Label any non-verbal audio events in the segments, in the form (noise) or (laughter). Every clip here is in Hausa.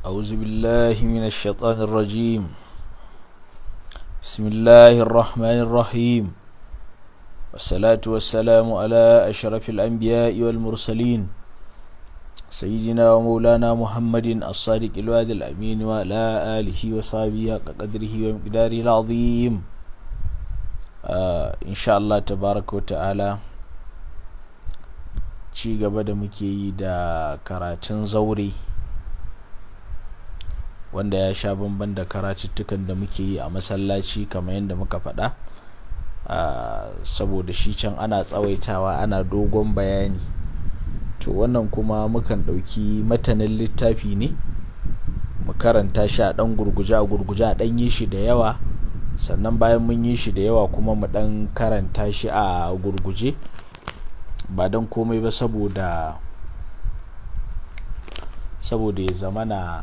أعوذ بالله من الشيطان الرجيم بسم الله الرحمن الرحيم والصلاة والسلام على أشرف الأنبياء والمرسلين سيدنا ومولانا محمد الصادق الوعد الأمين وعلى آله وصحبه قدره ومقداره العظيم إن شاء الله تبارك وتعالى ci gaba da muke yi da karatun zaure wanda ya sha bamban da karatuttukan da muke yi a masallaci kamar yadda muka faɗa saboda shi can ana tsawaitawa ana dogon bayani to wannan kuma mukan ɗauki matanin littafi ne mu karanta shi a ɗan gurguje a gurguje a ɗan yi shi da yawa sannan bayan mun yi shi da yawa kuma mu ɗan karanta shi a gurguje ba don komai ba saboda saboda ya zamana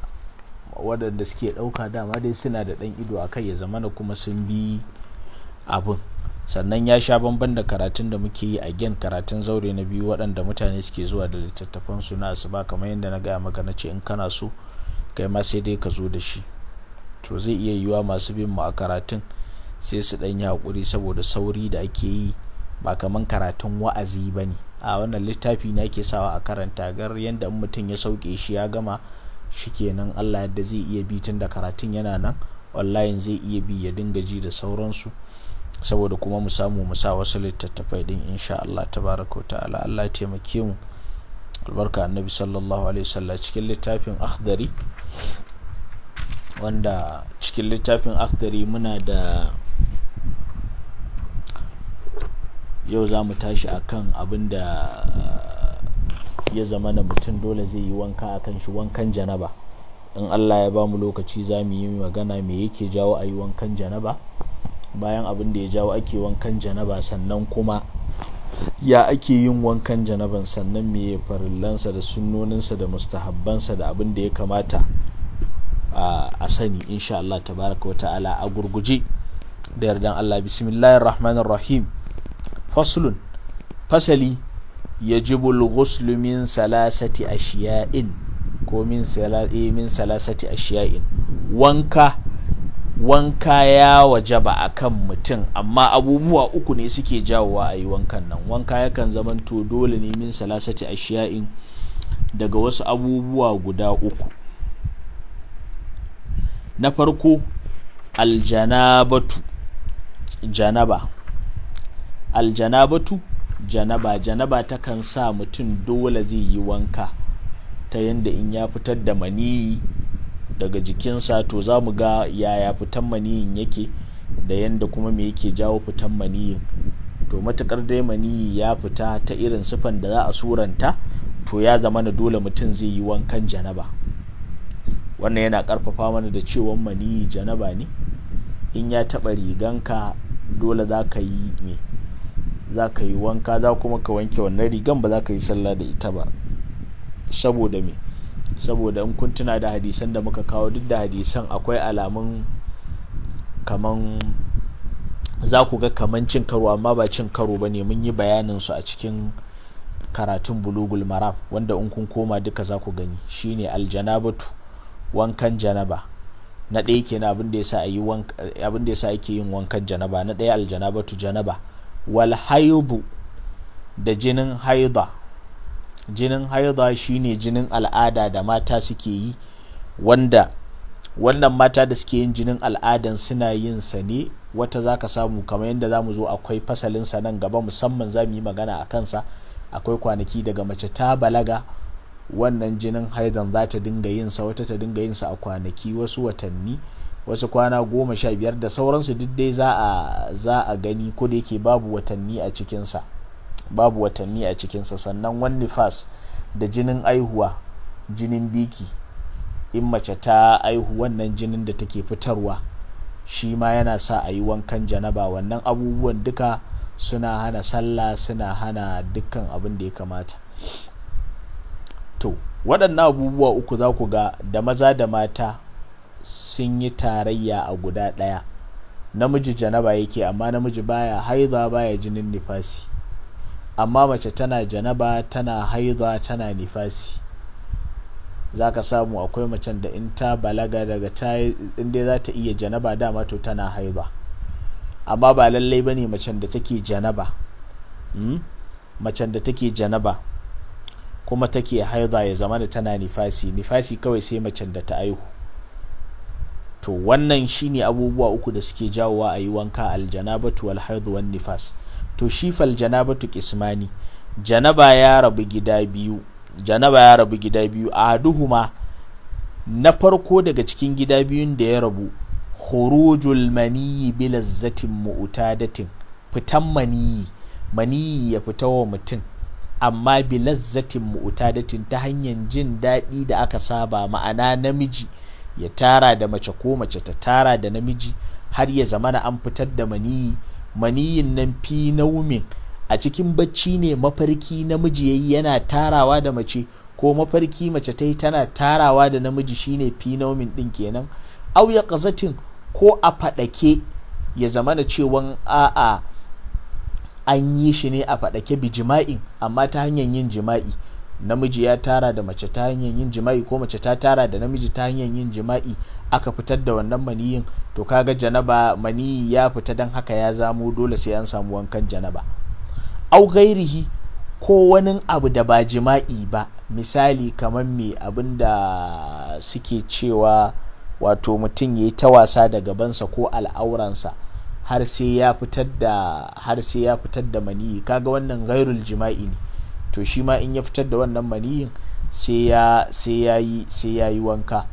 waɗanda suke ɗauka dama dai suna da ɗan ido a kai ya zamana kuma sun bi abin sannan ya sha bamban da karatun da muke yi a gen karatun zaure na biyu waɗanda mutane suke zuwa da littattafan su na asuba kamar yadda na gaya maka na ce in kana so kai ma sai dai ka zo da shi to zai iya yiwuwa masu bin mu a karatun sai su ɗan yi haƙuri saboda sauri da ake yi ba kamar karatun wa'azi ba ne a wannan littafi na ke sawa a karanta gar yadda mutum ya sauke shi ya gama shikenan Allah yadda zai iya bi tun da karatun yana nan online zai iya bi ya dinga ji da sauransu saboda kuma mu samu mu sa wasu littattafai din insha Allah tabaraka ta'ala Allah ya taimake mu albarka annabi sallallahu alaihi wasallam cikin littafin akhdari wanda cikin littafin akhdari muna da yau za mu tashi akan abin da ya zama na mutum dole zai yi wanka a kan shi wankan janaba in allah ya bamu lokaci za mu yi magana me yake jawo a yi wankan janaba bayan abin da ya jawo ake wankan janaba sannan kuma ya ake yin wankan janaban sannan me farillansa da sunnoninsa da mustahabbansa da abin da ya kamata a sani insha allah tabaraka wata'ala ala a gurguje da yardan allah bismillahir rahmanir rahim faslun fasali yajibu al-ghuslu min salasati ashiya'in ko eh, min salasati ashiya'in wanka wanka ya wajaba akan mutum amma abubuwa uku ne suke jawowa a yi wankan nan wanka yakan zamanto dole ne min salasati ashiya'in daga wasu abubuwa guda uku na farko aljanabatu janaba aljanabatu janaba janaba takan sa mutum dole zai yi wanka ta yadda in ya fitar da maniyi daga jikinsa to za mu ga yaya fitan maniyin yake da yadda kuma me yake jawo fitan maniyin to matukar dai maniyi ya fita ta irin sifan da za a suranta to ya zama na dole mutum zai yi wankan janaba wannan yana karfafa mana da cewan maniyi janaba ne in ya taɓa riganka dole za ka yi me za ka yi wanka za kuma ka wanke wannan rigan ba za ka yi sallah da ita ba saboda me saboda in kun tuna da hadisan da muka kawo duk da hadisan akwai alamun kaman za ku ga kaman cin karo amma ba cin karo ba ne mun yi bayanin su a cikin karatun bulugul maram wanda in kun koma duka za ku gani shine aljanabatu wankan janaba na ɗaya kenan abin da yasa ake yin wankan janaba na ɗaya aljanabatu janaba wal haidu da jinin haida jinin haida shine jinin al'ada da mata suke yi wanda wannan mata da suke yin jinin al'adan suna yin sa ne wata zaka ka samu kamar yadda za mu zo akwai fasalin sa nan gaba musamman zamu yi magana a kansa akwai kwanaki daga mace ta balaga wannan jinin haidan za ta dinga yin sa wata ta dinga yin sa a kwanaki wasu watanni wasu kwana goma sha biyar da sauransu duk dai za a gani ko da yake babu watanni a cikinsa babu watanni a cikinsa sannan wani fas da jinin aihuwa jinin biki in mace ta aihu wannan jinin da take fitarwa shi ma yana sa a yi wankan janaba wannan abubuwan duka suna hana sallah suna hana dukkan abin da ya kamata to waɗannan abubuwa uku za ku ga da maza da mata sun yi tarayya a guda ɗaya namiji janaba yake amma namiji baya haiza baya jinin nifasi amma mace tana janaba tana haiza tana nifasi za ka samu akwai macen da in ta balaga daga ta inda za ta iya janaba dama to tana haiza amma ba lallai ba ne macen da take janaba hmm? macen da take janaba kuma take haiza ya zama da tana nifasi nifasi kawai sai macen da ta aihu to wannan shine abubuwa uku da suke jawowa a yi wanka aljanabatu wal haidhu wan nifas to shi fal kismani janaba ya rabu gida biyu janaba ya rabu gida biyu na farko daga cikin gida biyun da ya rabu khurujul maniyi bilazzatin mu'tadatin fitan maniyi maniyi ya fita wa mutum amma bilazzatin mu'tadatin ta hanyar jin daɗi da aka saba ma'ana namiji ya tara da mace ko mace ta tara da namiji har ya zamana an fitar da maniyi maniyin nan fi naumin a cikin bacci ne mafarki namiji ya yi yana tarawa da mace ko mafarki mace ta yi tana tarawa da namiji shine fi naumin din kenan au ya kazatin ko a faɗake ya zama zamana cewan a'a an yi shi ne a faɗake bijima'in amma ta hanyar yin jima'i namiji ya tara da mace ta hanyar yin jima'i ko mace ta tara da namiji ta hanyar yin jima'i aka fitar da wannan maniyin to kaga janaba maniyi ya fita don haka ya zamo dole sai an samu wankan janaba au gairihi ko wani abu da ba jima'i ba misali kamar me abin da suke cewa wato mutum ya yi ta wasa da gabansa ko al'auransa har sai ya fitar da maniyi kaga wannan gairul jima'i ne to shi ma in ya fitar da wannan maniyin sai ya yi wanka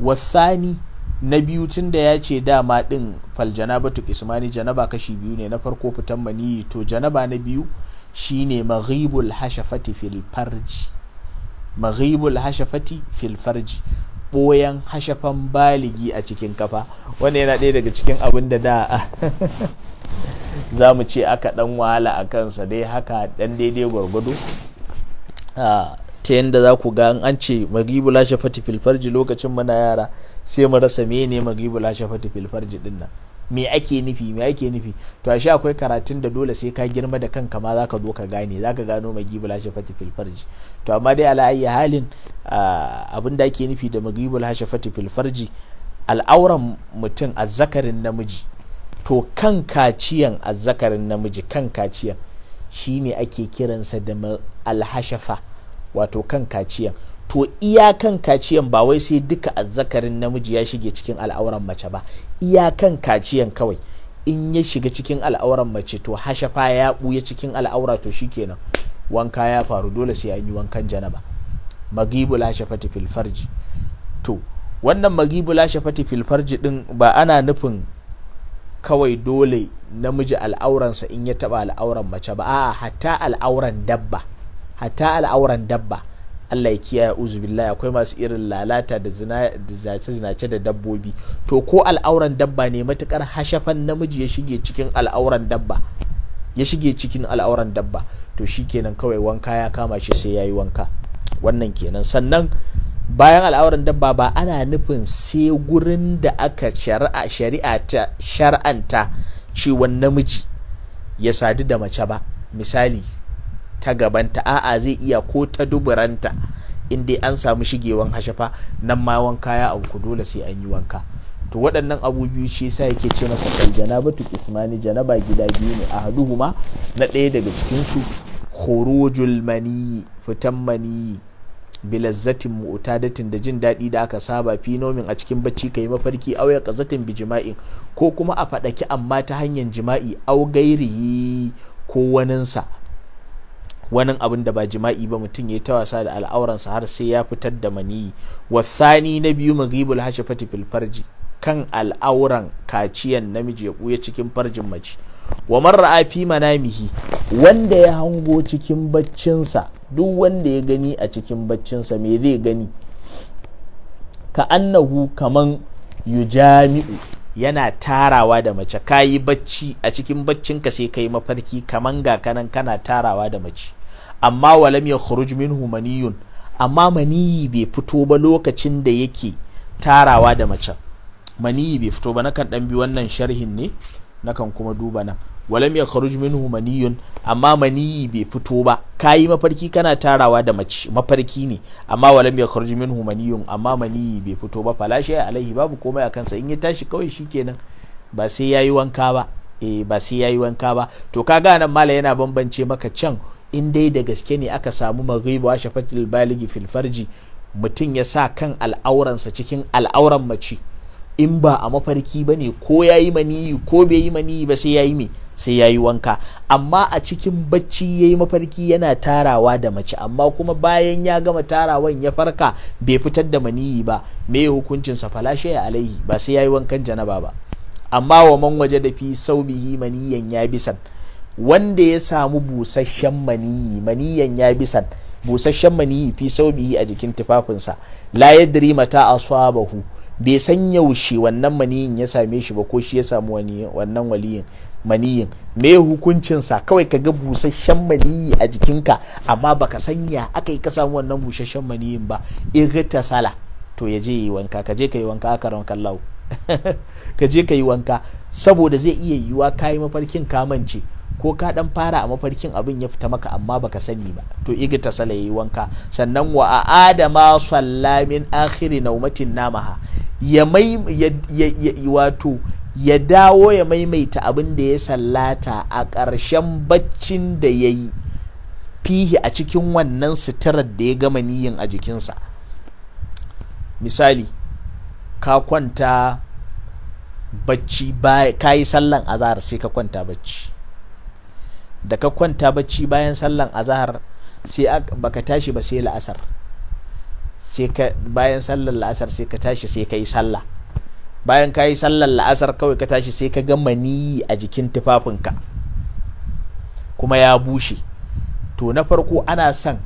wasani na biyu tun da ya ce dama din fal janabatu ismani janaba kashi biyu ne na farko fitan maniyi to janaba na biyu shine maghibul hashafati fil farji maghibul hashafati fil boyan hashafan baligi a cikin kafa wannan yana ɗaya daga cikin abin da da ah, (laughs) za mu ce aka dan wahala a kansa dai haka dan daidai gwargwado ah, ta yadda za ku ga an ce magibu lashe fati filfarji lokacin muna yara sai mu rasa me ne magibu lashe fati filfarji din nan me ake nufi me ake nufi to ashe akwai karatun da dole sai ka girma da kanka ma zaka zo ka gane zaka gano magibu lashe fati farji to amma dai ala halin ah, abin da ake nufi da magibu lashe fati farji al'auran mutum a zakarin namiji to kan kaciyan azzakarin namiji kan kaciyan shi ne ake kiransa da alhashafa wato kan kaciyan to iya kan kaciyan ba wai sai duka azzakarin namiji ya shige cikin al'auran mace ba iya kan kaciyan kawai in ya shiga cikin al'auran mace to hashafa ya buya cikin al'aura to shi shikenan wanka ya faru dole sai an yi wankan janaba magibul hashafati fil farji to wannan magibul hashafati fil farji din ba ana nufin kawai dole namiji al'auransa in ya taba al'auran mace ba a'a hatta al'auran dabba hatta al'auran dabba Allah ya kiyaye uzubillah akwai masu irin lalata da zinace zinace da dabbobi to ko al'auran dabba ne matukar hashafan namiji ya shige cikin al'auran dabba ya shige cikin al'auran dabba to shikenan kawai wanka ya kama shi sai yayi wanka wannan kenan sannan bayan al'auran dabba ba ana nufin sai gurin da aka shari'a ta shar'anta cewa namiji ya sadu da mace ba misali ta gabanta a'a zai iya ko ta duburanta inda an samu shigewan hashafa nan ma wanka ya auku dole sai an yi wanka to waɗannan abu biyu shi yasa yake ce masa kai tu ismani janaba gida biyu ne a ahaduhuma na ɗaya daga cikin su khurujul mani fitan mani bilazzatin mu'tadatin da jin daɗi da aka saba fi nomin a cikin bacci ka yi mafarki au ya qazatin bi jima'i ko kuma a faɗaki amma ta hanyar jima'i au gairihi ko waninsa wani abin da ba jima'i ba mutum ya ta wasa da al'auransa har sai ya fitar da maniyi wasani na biyu maghibul hashafati fil farji kan al'auran kaciyan namiji ya buya cikin farjin mace wa marra'a fi manamihi wanda ya hango cikin baccinsa duk wanda ya gani a cikin baccinsa me zai gani ka annahu kaman yujami'u yana tarawa da mace ka yi bacci a cikin baccinka sai ka yi mafarki kaman ga kanan kana tarawa da mace amma walam ya khuruj minhu maniyun amma maniyi bai fito ba lokacin da yake tarawa da mace maniyi bai fito ba nakan dan bi wannan sharhin ne nakan kuma duba nan walam ya kharuj minhu maniyun amma maniyi bai fito ba kayi mafarki kana tarawa da mace mafarki ne amma walam ya kharuj minhu maniyun amma maniyi bai fito ba falashi alaihi babu komai a kansa in ya tashi kawai shikenan ba sai yayi wanka ba eh ba sai yayi wanka ba to kaga nan mala yana bambance maka can in dai da gaske ne aka samu wa shafatil baligi fil farji mutum ya sa kan al'auransa cikin al'auran mace in ba a mafarki ba ne ko ya yi maniyi ko bai yi maniyi ba sai ya yi me sai ya yi wanka amma a cikin bacci ya yi mafarki yana tarawa da mace amma kuma bayan ya gama tarawan ya farka bai fitar da maniyi ba me hukuncinsa falashe ya alaihi ba sai ya yi wankan janaba ba amma wa man waje da fi saubihi maniyan ya bisan wanda ya samu busasshen maniyi maniyan ya bisan busasshen maniyi fi saubihi a jikin tufafinsa la yadri mata aswabahu bai san yaushe wannan maniyin ya same shi ba ko shi ya samu wannan waliyin maniyin me hukuncinsa kawai ka ga busasshen maniyi a jikinka amma baka sanya aka yi ka samu wannan busasshen maniyin ba irta sala to ya je yi wanka ka je ka yi wanka aka ran kallahu (laughs) ka je ka yi wanka saboda zai iya yiwuwa ka yi mafarkin kamance ko ka dan fara a mafarkin abin ya fita maka amma baka sani ba to igi ta sala yi wanka sannan wa adama sallamin akhiri naumatin namaha ya mai wato ya dawo ya maimaita abin da ya sallata a ƙarshen baccin da ya yi fihi a cikin wannan sitirar da ya gama niyin a jikinsa misali ka kwanta bacci ka yi sallan azahar sai ka kwanta bacci da ka kwanta bacci bayan sallan azahar sai baka tashi ba sai la'asar bayan sallar la'asar sai ka tashi sai ka yi sallah bayan ka yi sallar la'asar kawai ka tashi sai ka ga maniyi a jikin tufafinka kuma ya bushe to na farko ana son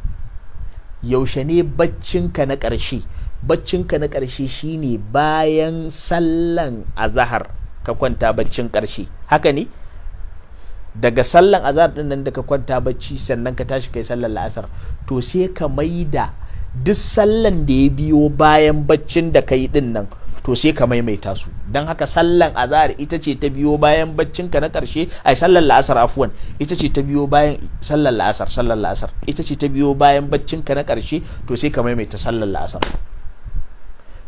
yaushe ne baccinka na ƙarshe baccinka na ƙarshe shine bayan sallan azahar ka kwanta baccin ƙarshe haka ne daga sallan azahar ɗin nan da ka kwanta bacci sannan ka tashi kai sallar la'asar to sai ka maida duk sallan da ya biyo bayan baccin da yi din nan to sai ka maimaita su don haka sallan azhar ita ce ta biyo bayan baccin ka na karshe ai sallan la'asar afuwan ita ce ta biyo bayan sallan la'asar sallan la'asar ita ce ta biyo bayan baccin ka na karshe to sai ka maimaita sallan la'asar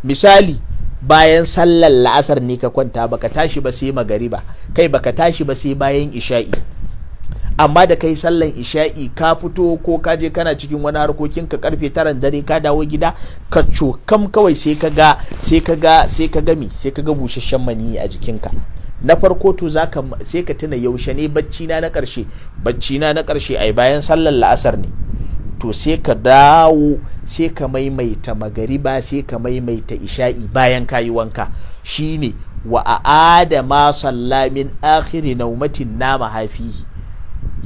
misali bayan sallan la'asar ne ka kwanta baka tashi ba sai magariba kai baka tashi ba sai bayan isha'i amma da kai sallan isha'i ka fito ko ka je kana cikin wani harkokin ka karfe taran dare ka dawo gida ka cokam kawai sai ka ga sai ka ga sai ka gami sai ka ga busasshen mani a jikinka na farko to zaka sai ka tuna yaushe ne bacci na na karshe bacci na na karshe ai bayan sallan la'asar ne to sai ka dawo sai ka maimaita magariba sai ka maimaita isha'i bayan kayi wanka shine wa a'ada ma sallamin akhiri naumatin na mahafihi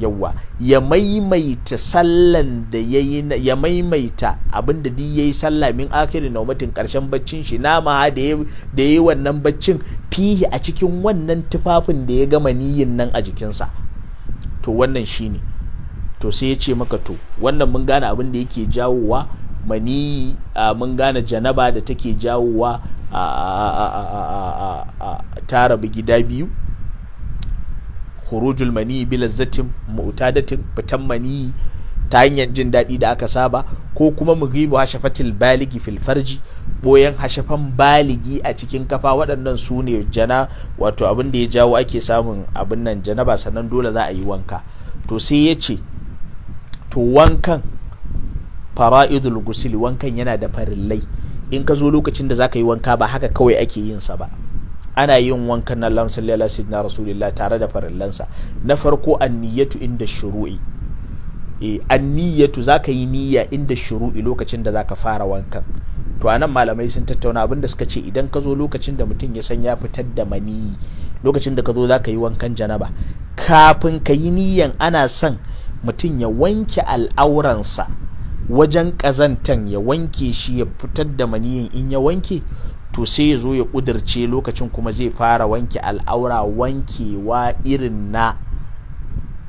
yawwa ya maimaita sallan da ya maimaita abinda ya yayi sallah min akhirin naumatin karshen baccin shi nama da ya yi wannan baccin fihi a cikin wannan tufafin da ya gama niyin nan a jikinsa to wannan shi ne to sai ya ce maka to wannan mun gane abin da yake jawowa mani mun gane janaba da take jawowa a tara gida biyu khurujul mani bi lazzatin mu'tadatin fitan mani ta hanyar jin daɗi da aka saba ko kuma mu gibu hashafatil baligi fil farji boyan hashafan baligi a cikin kafa waɗannan su ne jana wato abin da ya jawo ake samun abin nan jana ba sannan dole za a yi wanka to sai ya ce to wankan fara'idul gusili wankan yana da farillai in ka zo lokacin da za ka yi wanka ba haka kawai ake yin sa ba ana yin wankan na lamsin sallallahu na wasallam rasulullah tare da farillansa na farko anniyatu inda shuru'i eh, anniyatu zaka yi niyya inda shuru'i lokacin da zaka fara wankan to anan malamai sun tattauna abinda suka ce idan ka zo lokacin da mutum ya san ya fitar da mani lokacin da ka zo zaka yi wankan janaba kafin ka yi niyyan ana son mutum ya wanke al'auransa wajen ƙazantan ya wanke shi ya fitar da maniyin in ya wanke to sai ya zo ya kudirce lokacin kuma zai fara wanke al'aura wankewa irin na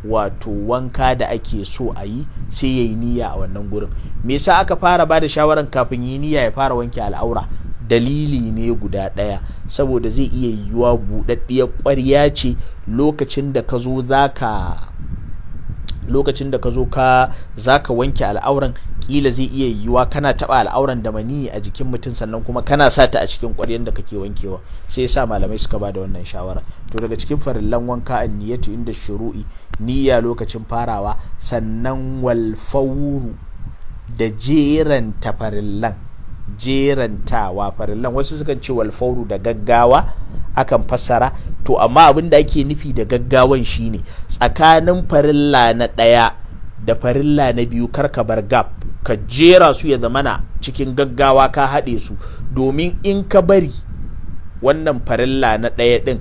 wato wanka da ake so a yi sai ya yi niyya a wannan gurin me yasa aka fara ba da shawaran kafin yi niyya ya fara wanke al'aura dalili ne guda ɗaya saboda zai iya yiwuwa buɗaɗɗiyar ƙwarya ce lokacin da ka zo za ka lokacin da ka zo ka za ka wanke al'auran kila zai iya yiwuwa kana taba al'auran da mani a jikin mutum sannan kuma kana sa ta a cikin ƙwaryen da kake wankewa sai yasa malamai suka ba da wannan shawara to daga cikin farillan wanka an niyyatu inda shuru'i niyya lokacin farawa sannan wal fawru da jeran farillan jerantawa farillan wasu sukan ce wal fawru da gaggawa akan fassara to amma abin da ake nufi da gaggawan shine tsakanin farilla na ɗaya da farilla na biyu kar ka bar gap ka jera su ya zamana cikin gaggawa ka haɗe su domin in ka bari wannan farilla na ɗaya ɗin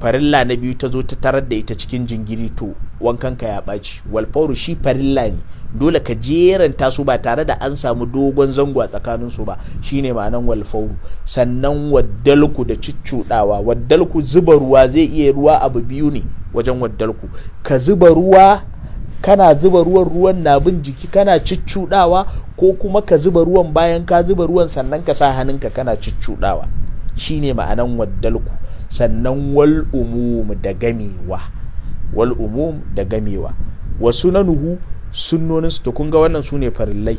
farilla na biyu ta zo ta tarar da ita cikin jingiri to wankan ka ya ɓaci walfauru shi farilla ne dole ka jeranta su ba tare da an samu dogon zango a tsakanin su ba shine ma'anan walfauru sannan waddalku da cuccuɗawa waddalku zuba ruwa zai iya ruwa abu biyu ne wajen waddalku ka zuba ruwa kana zuba ruwan ruwan na bin jiki kana cuccuɗawa ko kuma ka zuba ruwan bayan ka zuba ruwan sannan ka sa hannunka kana shi shine ma'anan waddalku sannan wal umum da gamewa wal umum da gamewa na nuhu sunnonin su to kun ga wannan sune farillai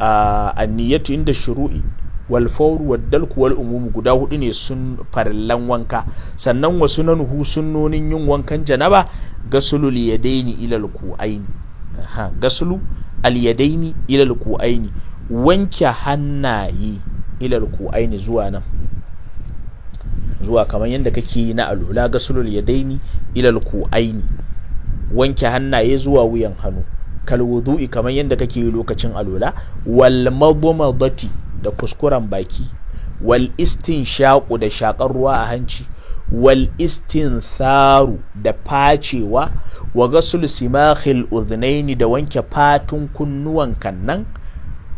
a ah, niyyatu inda shuru'i wal fawru dalku wal umumu guda hudu ne sun farallan wanka sannan hu sun nonin yin wankan janaba gasulul yadaini ila ku'aini ha gasulu al yadaini ila ku'aini wanke hannaye ilal ku'aini zuwa nan zuwa kamar yadda kake yi na alula gasulul yadaini ilal ku'aini wanke hannaye zuwa wuyan hannu kalwudu'i kamar yadda kake yi lokacin alula wal madmadati da kuskuren baki wal istin shaƙu da shaƙar ruwa a hanci wal istin tharu da facewa wa gasul simakhil udhnaini da wanke fatun kunnuwan kannan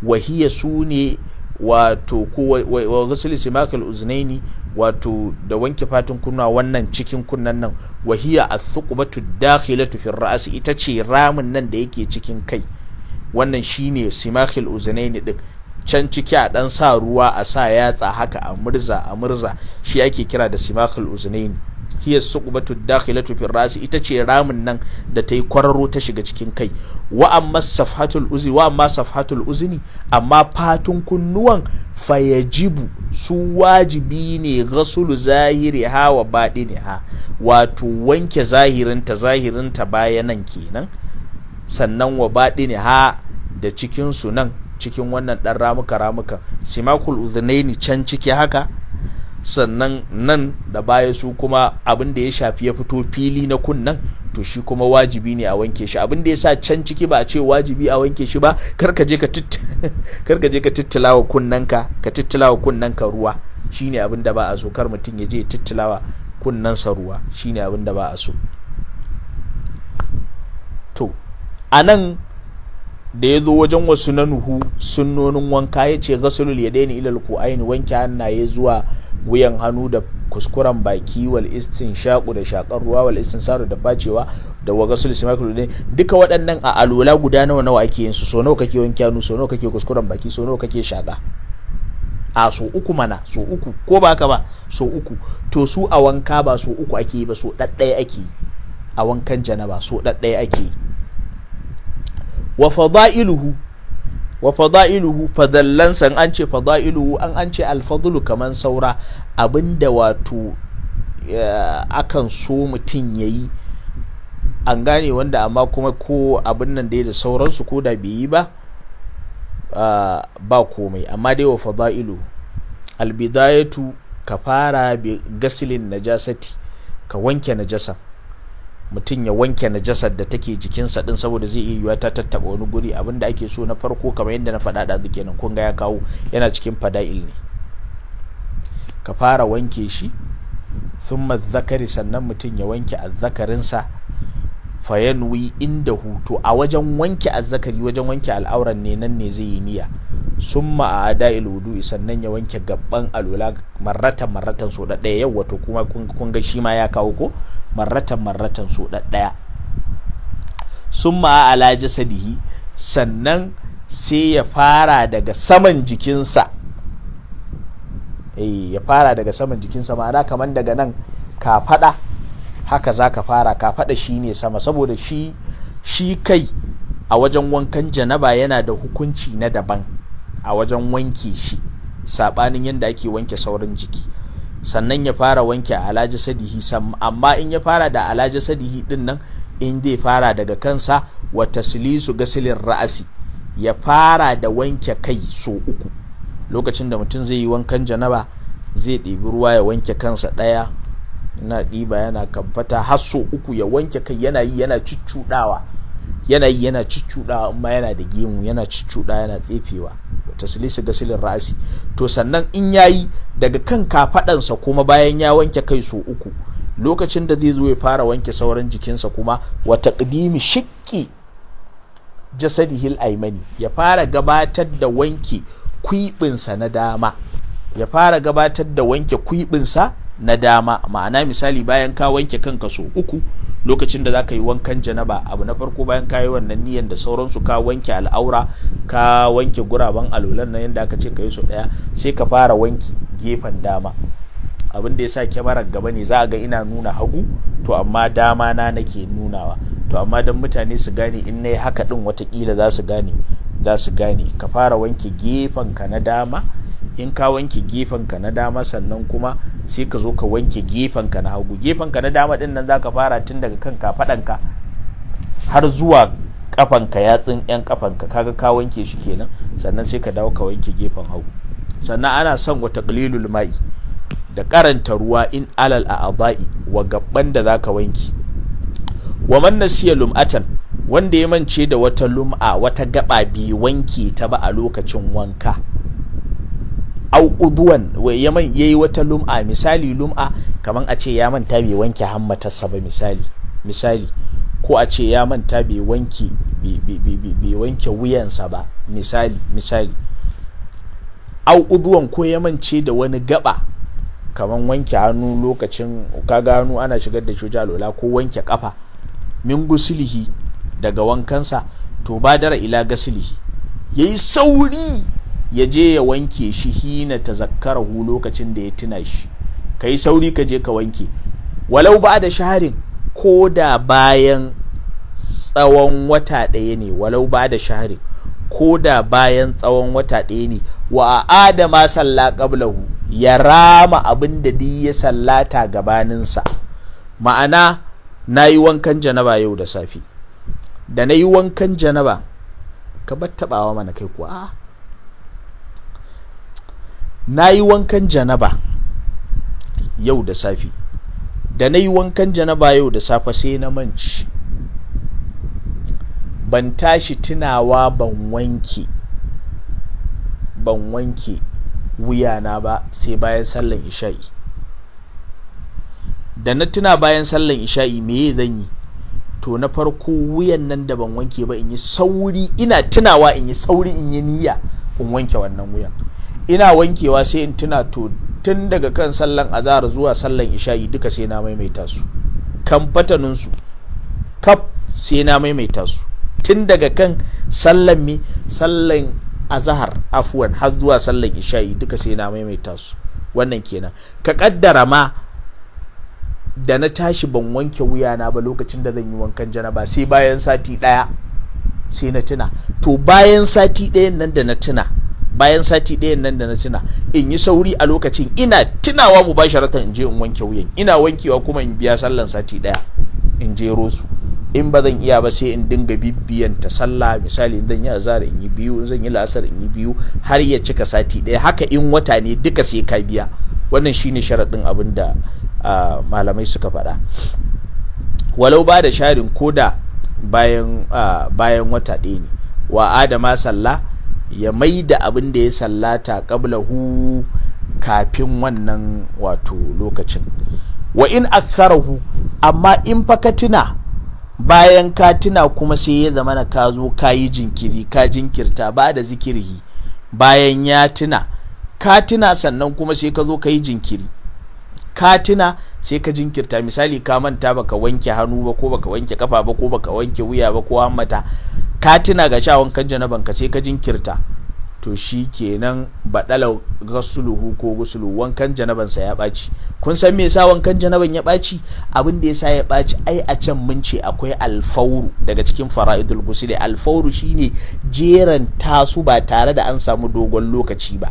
wa su ne wato ko wa gasul simakhil udhnaini wato da wanke fatun kunnuwa wannan cikin kunnan nan wahiya as-suqbatu dakhilatu fi ra's ita ce ramin nan da yake cikin kai wannan shine simakhil udhnaini din can ciki a dan sa ruwa a sa yatsa haka a murza a murza shi ake kira da simakul uzunaini hiya suqbatu dakhilatu fi rasi ita ce ramin nan da ta yi kwararo ta shiga cikin kai wa amma safhatul uzi wa amma safhatul uzni amma fatun kunnuwan fayajibu su wajibi ne ghasulu zahiri ha wa badini ha wato wanke zahirinta zahirinta bayanan kenan sannan wa badini ha da cikin su nan cikin wannan ɗan ramuka ramuka simakul uzunaini can ciki haka sannan nan da baya su kuma abin da ya shafi ya fito fili na kunnan to shi kuma wajibi ne a wanke shi abin da ya sa can ciki ba a ce wajibi a wanke shi ba karka je ka tittilawa (laughs) kunnanka ka tittilawa kunnanka ruwa Shi ne abin da ba a so kar mutum ya je tittilawa kunnansa ruwa Shi ne abin da ba a so to a nan da ya zo wajen wasu na nuhu sunnonin wanka ya ce gasulul ya daina ilal aini wanke hannaye zuwa wuyan hannu da kuskuren baki wal istin shaƙu da shaƙar ruwa wal istin saru da facewa da wa gasul simakul ne duka waɗannan a alola guda nawa nawa ake yin su so nawa kake wanke hannu so nawa kake kuskuren baki so nawa kake shaƙa a so uku mana so uku ko ba ka ba so uku to su a wanka ba so uku ake yi ba so ɗaɗɗaya ake yi a wankan janaba so ɗaɗɗaya ake yi wa fada'iluhu wa fada'iluhu san an ce fada'iluhu an an ce alfadlu kaman saura abinda wato akan so mutum ya yi an gane wanda amma kuma ko abin nan dai da sauransu ko da bai yi ba ba komai amma dai wa fada'ilu albidayatu ka fara gasilin najasati ka wanke najasan mutum ya wanke na jasad da take jikinsa din saboda zai iya yiwuwa ta tattaba wani guri abin da ake so na farko kamar yadda na faɗa ɗazu kenan kun ga ya kawo yana cikin fada'il ne ka fara wanke shi sun zakari sannan mutum ya wanke azzakarinsa fayanwi inda hutu a wajen wanke azzakari wajen wanke al'auran ne nan ne zai yi niyya summa a ada wudu'i sannan ya wanke gabban alula marata marratan so daya yau wato kuma kun ga shi ma ya kawo ko marratan marratan so daya summa a ala jasadihi sannan sai ya fara daga saman jikinsa eh ya fara daga saman jikinsa ma'ana kamar daga nan ka fada haka za ka fara ka fada shi ne sama saboda shi shi kai a wajen wankan janaba yana da hukunci na daban a wajen wanke shi saɓanin yadda ake wanke sauran jiki sannan ya fara wanke alaji sadihi amma in ya fara da alaji sadihi din nan in dai fara daga kansa silisu taslisu gasilin ra'asi ya fara da wanke kai so uku lokacin da mutum zai yi wankan janaba zai ɗibi ruwa ya wanke kansa ɗaya yana ɗiba yana kamfata har so uku ya wanke kai yana yi yana cuccuɗawa yana yi yana cuccuɗawa amma yana da gemu yana cuccuɗawa yana tsefewa ga silin ra'asi to sannan in yayi daga kan kafadansa kuma bayan ya wanke kai so uku lokacin da zai zo ya fara wanke sauran jikinsa kuma wa taqdimi jasadihi jasadihil aimani ya fara gabatar da wanke kwibinsa na dama ya fara gabatar da wanke kwibinsa na dama ma'ana misali bayan ka wanke kanka so uku lokacin da za ka yi wankan janaba abu na farko bayan ka yi wannan niyan da sauransu ka wanke al'aura ka wanke guraben alolan na yadda aka ce ka yi so daya sai ka fara wanki gefen dama abin da ya sa kyamarar gaba ne za a ga ina nuna hagu to amma dama na nake nunawa to amma don mutane su gane in na yi haka din watakila za za su gane ka fara wanke gefen ka na dama in ka wanke ka na dama sannan kuma sai ka zo ka wanke gefenka na hagu Gefenka na dama din nan zaka fara tun daga kan kafadanka har zuwa kafanka yatsun yan kafanka kaga ka wanke shi kenan sannan sai ka dawo ka wanke gefen hagu sannan ana son wa taqlilul ma'i da karanta ruwa in alal a aba'i wa gabban da zaka wanke wa man nasiya lum'atan wanda ya mance da wata lum'a wata gaba bai wanke ta ba a lokacin wanka au uduwan yaman yayi wata lum'a misali lum'a kaman a ce ya manta bai wanke hammatarsa ba misali misali ko a ce ya manta bai wanke wuyansa ba misali misali au uduwan ko ya mance da wani gaba kaman wanke hannu lokacin ka gano ana shigar da shuja lola ko wanke kafa min gusulihi daga wankansa to ba dara ila ya yayi sauri ya je ya wanke shi hina ta hu lokacin da ya tuna shi ka sauri ka je ka wanke walau ba da shaharin ko da bayan tsawon wata ɗaya ne walau ba da sharin ko da bayan tsawon wata ɗaya ne wa a adama salla qablahu ya rama abin da duk ya sallata gabaninsa ma'ana na yi wankan janaba yau da safe da na yi wankan janaba ka bar mana kai kuwa na yi wankan janaba yau da safe da na yi wankan janaba yau da safe sai na manci ban tashi tunawa ban wanke ban wanke wuyana ba sai bayan sallan isha'i da na tuna bayan sallan isha'i me zan yi to na farko wuyan nan da ban wanke ba in yi sauri ina tunawa in yi sauri in yi niyya in wanke wannan wuyan ina wankewa sai in tuna to tun daga kan sallan azahar zuwa sallan isha'i duka sai na maimaita su kan fatanunsu kaf sai na maimaita su tun daga kan sallan mi sallan azahar afuwan har zuwa sallan isha'i duka sai na maimaita su wannan kenan ka kaddara ma da na tashi ban wanke wuyana ba lokacin da zan yi wankan jana ba sai bayan sati ɗaya sai na tuna to bayan sati ɗayan nan da na tuna bayan sati ɗaya nan da na tuna in yi sauri a lokacin ina tunawa mu ba basharatan in je in wanke wuyan ina wankewa kuma in biya sallan sati ɗaya in jero su in ba zan iya ba sai in dinga bibiyan ta sallah misali in zan yi azhar in yi biyu in zan yi la'asar in yi biyu har ya cika sati ɗaya haka in wata ne duka sai ka biya wannan shine sharaɗin abin da malamai suka faɗa walau ba da sharin koda bayan wata ɗaya ne wa adama sallah ya mai da abin da ya sallata hu kafin wannan wato lokacin wa in aktharahu amma in fa ka tuna bayan katina kuma sai ya zama na ka zo ka yi jinkiri ka jinkirta ba da zikirhi bayan ya tuna ka sannan kuma sai ka zo ka yi jinkiri katina sai ka jinkirta misali ka manta baka wanke hannu ba ko baka wanke kafa ba ko baka wanke wuya ba ko hammata ka tuna ga sha wankan janaban ka sai ka jinkirta to shi kenan baɗala gasuluhu ko gusulu wankan janaban sa ya baci kun san me yasa wankan janaban ya ɓaci abin da yasa ya ɓaci ai a can mun ce akwai alfauru daga cikin fara'idul gusuli alfauru shine jeran tasu ba tare da an samu dogon lokaci ba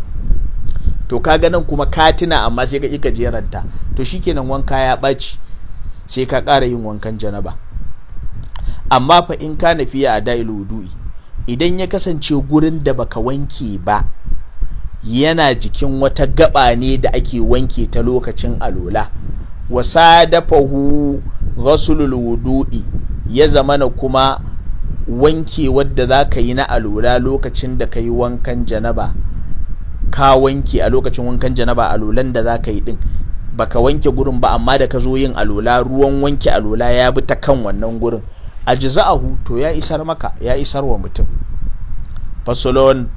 to kaga nan kuma katina amma sai ka ika jeranta to shikenan wanka ya ɓaci sai ka ƙara yin wankan janaba amma fa in ka nafiya a da'il wudu'i idan ya kasance gurin da baka wanke ba yana jikin wata gaba ne da ake wanke ta lokacin alola wasa dafahu rasulul wudu'i ya zamana kuma wanke wadda zaka yi na alola lokacin da ka wankan janaba ka wanke a lokacin wankan janaba alolan da za ka yi din baka wanke gurin ba amma da ka zo yin alola ruwan wanke alola ya bi ta kan wannan gurin a a to ya isar maka ya isar wa mutum fasalon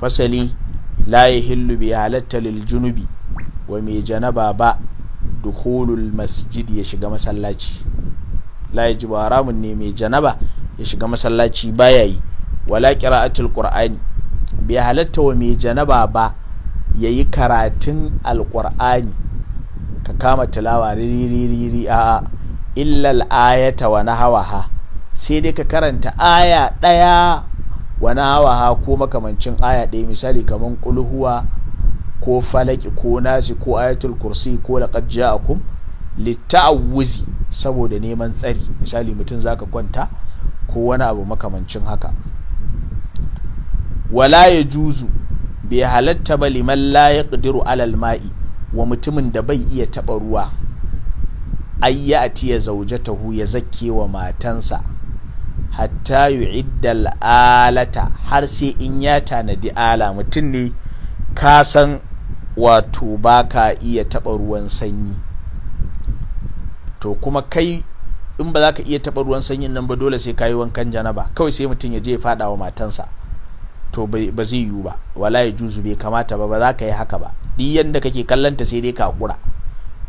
fasali la hillu bi halatta lil junubi wa mai janaba ba dukulul masjid ya shiga masallaci layi yajibu haramun ne mai janaba ya shiga masallaci baya yi wala qira'atul qur'ani bai halatta wa mai janaba ba ya yi karatun alƙur'ani ka kama tilawa riri a illal ayata wa nahawaha sai dai ka karanta aya ɗaya wa hawaha ko makamancin aya ɗaya misali kamar kulhuwa ko falaki ko nasi ko ayatul kursi ko laqad ja'akum litta'awuzi saboda neman tsari misali mutum zaka kwanta ko wani abu makamancin haka wala ya juzu bai halatta ba liman la ya ƙudiru alal ma'i wa mutumin da bai iya taɓa ruwa ai ya ati ya zauje tahu ya zakke wa matansa hatta iddal alata har sai in ya tanadi ala mutum ne ka san wato ka iya taɓa ruwan sanyi to kuma kai in ba za ka iya taɓa ruwan sanyin nan ba dole sai ka yi wankan janaba kawai sai mutum ya je ya faɗa wa matansa to ba zai yiwu ba wala ya juzu bai kamata ba ba za ka yi haka ba diyan da kake kallon ta sai dai ka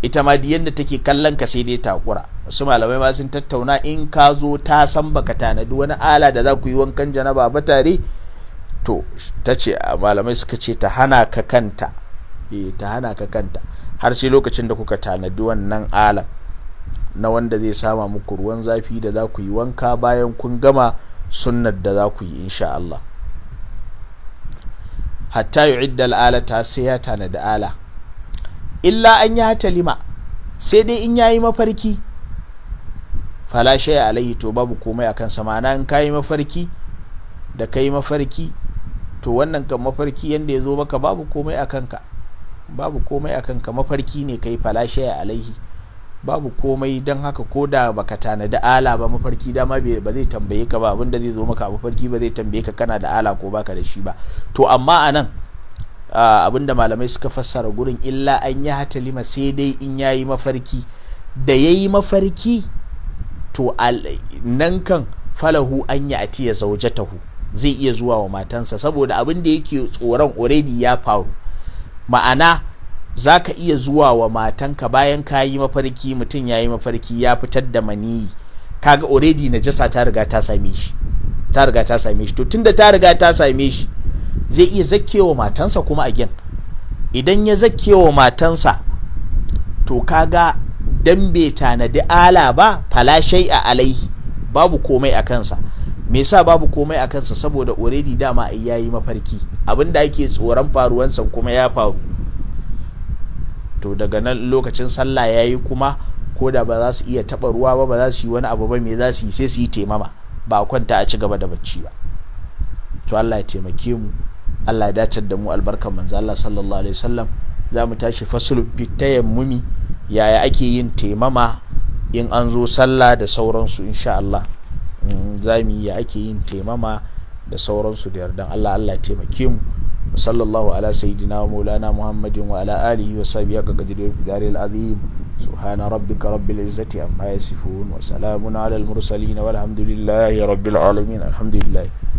ita ma diyan da take kallon ka sai dai ta hakura wasu malamai ma sun tattauna in ka zo ta san baka tanadi wani ala da za ku yi wankan janaba ba tare to ta ce malamai suka ce ta hana ka kanta eh ta hana ka kanta har sai lokacin da kuka tanadi wannan ala na wanda zai sama muku ruwan zafi da za ku yi wanka bayan kun gama sunnar da za ku yi insha Allah hatta yu'idda al'alata sai ya tanadi ala illa an yi hatalima sai dai in yayi mafarki falashe ya alayhi to babu komai a kansa ma'ana in kayi mafarki da kai mafarki to wannan kan mafarki yadda ya zo maka babu komai a kanka babu komai a kanka mafarki ne kai falashe ya alaihi babu komai don haka ko da baka tanadi ala ba mafarki dama ba zai tambaye ka ba abinda zai zo maka mafarki ba zai tambaye ka kana da ala ko baka da shi ba to amma a nan abinda malamai suka fassara gurin illa an yi hatalima sai dai in ya yi mafarki da ya yi mafarki to nan kan falahu an yi ati ya zauje tahu zai iya zuwa wa matansa saboda abin da yake tsoron already ya faru ma'ana za ka iya zuwa wa matanka bayan ka yi mafarki mutum ya yi mafarki ya fitar da maniyi kaga already najasa ta riga ta same shi ta riga ta same shi to tunda ta riga ta same shi zai iya zakkewa matansa kuma again idan ya zakkewa matansa to kaga dan na tanadi ala ba fala a alaihi babu komai a kansa me sa babu komai a kansa saboda already dama ai yayi mafarki abinda ake tsoron faruwansa kuma ya faru to daga nan lokacin sallah ya yi kuma ko da ba za su iya taɓa ruwa ba ba za su yi wani abu ba me za su yi sai su yi taimama ba kwanta a ci gaba da bacci ba to Allah ya taimake mu Allah ya dace da mu albarkar manzo Allah sallallahu alaihi wasallam za mu tashi fasul fitayammumi yaya ake yin taimama in an zo sallah da sauransu insha Allah mm, za mu yi ya ake yin taimama da sauransu da yardan Allah Allah ya taimake mu وصلى الله على سيدنا ومولانا محمد وعلى آله وصحبه قدر الدار العظيم سبحان ربك رب العزة عما يصفون وسلام على المرسلين والحمد لله رب العالمين الحمد لله